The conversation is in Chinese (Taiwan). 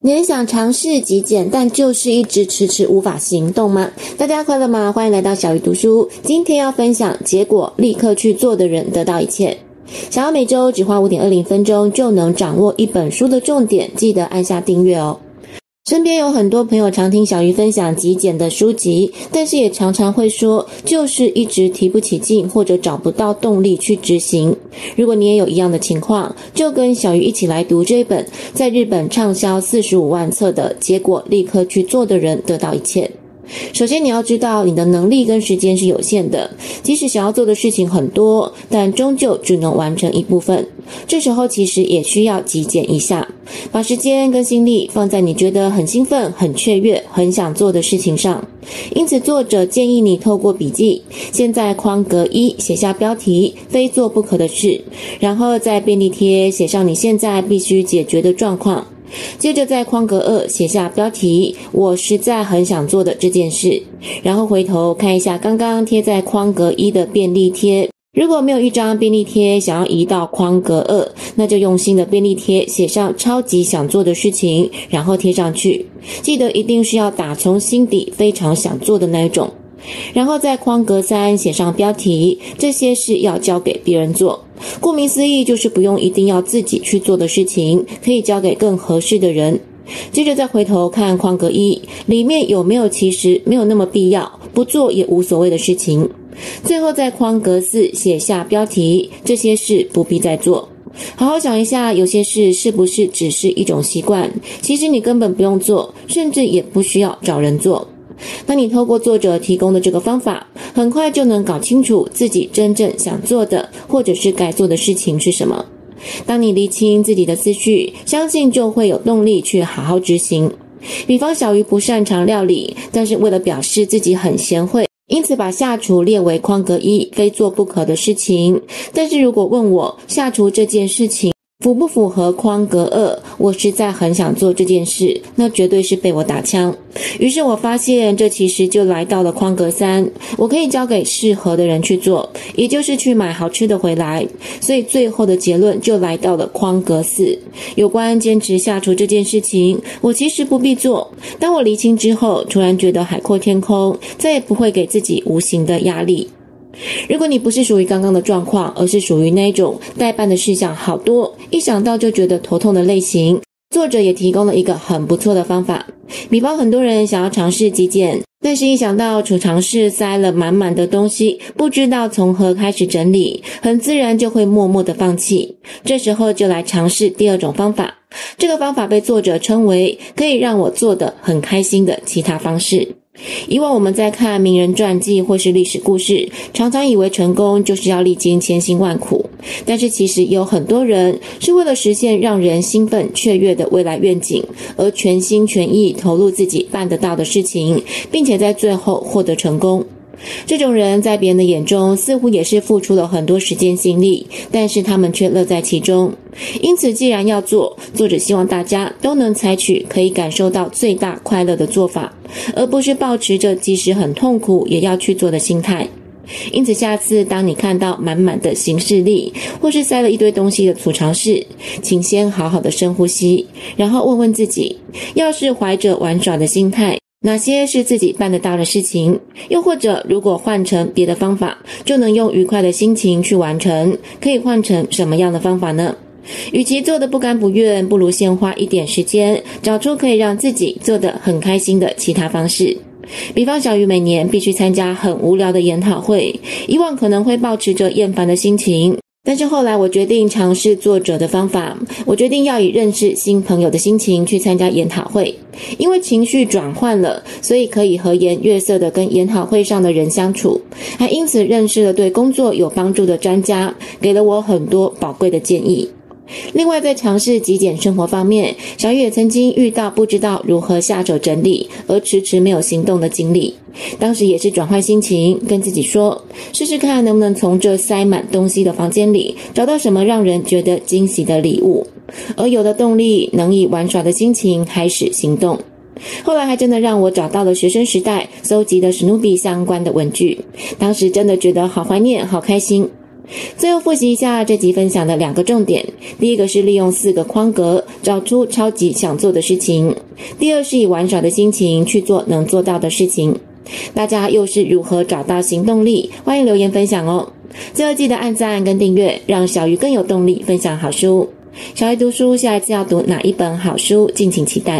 你很想嘗試極簡，但就是一直遲遲無法行動嗎？大家快樂嗎？歡迎來到小魚讀書。今天要分享，結果立刻去做的人得到一切。想要每週只花五點二零分鐘就能掌握一本書的重點，記得按下訂閱哦。身邊有很多朋友常聽小魚分享極簡的書籍，但是也常常會說，就是一直提不起勁，或者找不到動力去執行。如果你也有一樣的情況，就跟小魚一起來讀這本在日本暢銷四十五萬冊的《結果立刻去做的人得到一切》。首先，你要知道你的能力跟時間是有限的。即使想要做的事情很多，但終究只能完成一部分。這時候其實也需要極簡一下，把時間跟心力放在你覺得很興奮、很雀躍、很想做的事情上。因此，作者建議你透過筆記，先在框格一寫下標題“非做不可的事”，然後在便利貼寫上你現在必須解決的狀況。接着在框格二寫下標題“我實在很想做的這件事”，然後回頭看一下剛剛貼在框格一的便利貼。如果沒有一張便利貼想要移到框格二，那就用新的便利貼寫上“超級想做的事情”，然後貼上去。記得一定是要打從心底非常想做的那一種。然後在框格三寫上標題“這些事要交給別人做”。顧名思義，就是不用一定要自己去做的事情，可以交給更合適的人。接着再回頭看框格一，裡面有沒有其實沒有那麼必要，不做也無所謂的事情。最後在框格四寫下標題：這些事不必再做。好好想一下，有些事是不是只是一種習慣？其實你根本不用做，甚至也不需要找人做。那你透過作者提供的這個方法。很快就能搞清楚自己真正想做的，或者是該做的事情是什麼。當你理清自己的思緒，相信就會有動力去好好執行。比方，小魚不擅長料理，但是為了表示自己很賢惠，因此把下廚列為框格一，非做不可的事情。但是如果問我，下廚這件事情，符不符合框格二？我實在很想做這件事，那絕對是被我打槍。於是我發現，這其實就來到了框格三。我可以交給適合的人去做，也就是去買好吃的回來。所以最後的結論就來到了框格四。有關堅持下廚這件事情，我其實不必做。當我釐清之後，突然覺得海闊天空，再也不會給自己無形的壓力。如果你不是屬於剛剛的狀況，而是屬於那種待辦的事項好多，一想到就覺得頭痛的類型，作者也提供了一個很不錯的方法。比方，很多人想要嘗試極簡，但是一想到儲藏室塞了滿滿的東西，不知道從何開始整理，很自然就會默默的放棄。這時候就來嘗試第二種方法。這個方法被作者稱為可以讓我做得很開心的其他方式。以往我們在看名人傳記或是歷史故事，常常以為成功就是要歷經千辛萬苦。但是其實有很多人是為了實現讓人興奮雀躍的未來願景，而全心全意投入自己辦得到的事情，並且在最後獲得成功。這種人在別人的眼中似乎也是付出了很多時間心力，但是他們卻樂在其中。因此，既然要做，作者希望大家都能採取可以感受到最大快樂的做法，而不是抱持著即使很痛苦也要去做的心態。因此，下次當你看到滿滿的行事曆或是塞了一堆東西的儲藏室，請先好好的深呼吸，然後問問自己：要是懷着玩耍的心態。哪些是自己辦得到的事情？又或者，如果換成別的方法，就能用愉快的心情去完成？可以換成什麼樣的方法呢？與其做得不甘不願，不如先花一點時間，找出可以讓自己做得很開心的其他方式。比方，小魚每年必須參加很無聊的研討會，以往可能會抱持著厭煩的心情。但是後來，我決定嘗試作者的方法。我決定要以認識新朋友的心情去參加研討會，因為情緒轉換了，所以可以和顏悅色的跟研討會上的人相處，還因此認識了對工作有幫助的專家，給了我很多寶貴的建議。另外，在嘗試極簡生活方面，小魚也曾經遇到不知道如何下手整理而遲遲沒有行動的經歷。當時也是轉換心情，跟自己說，試試看能不能從這塞滿東西的房間裡找到什麼讓人覺得驚喜的禮物，而有的動力能以玩耍的心情開始行動。後來還真的讓我找到了學生時代蒐集的史努比相關的文具，當時真的覺得好懷念，好開心。最後複習一下這集分享的兩個重點：第一個是利用四個框格，找出超級想做的事情；第二是以玩耍的心情去做能做到的事情。大家又是如何找到行動力？歡迎留言分享哦！最後記得按讚跟訂閱，讓小魚更有動力分享好書。小魚讀書，下一次要讀哪一本好書？敬請期待。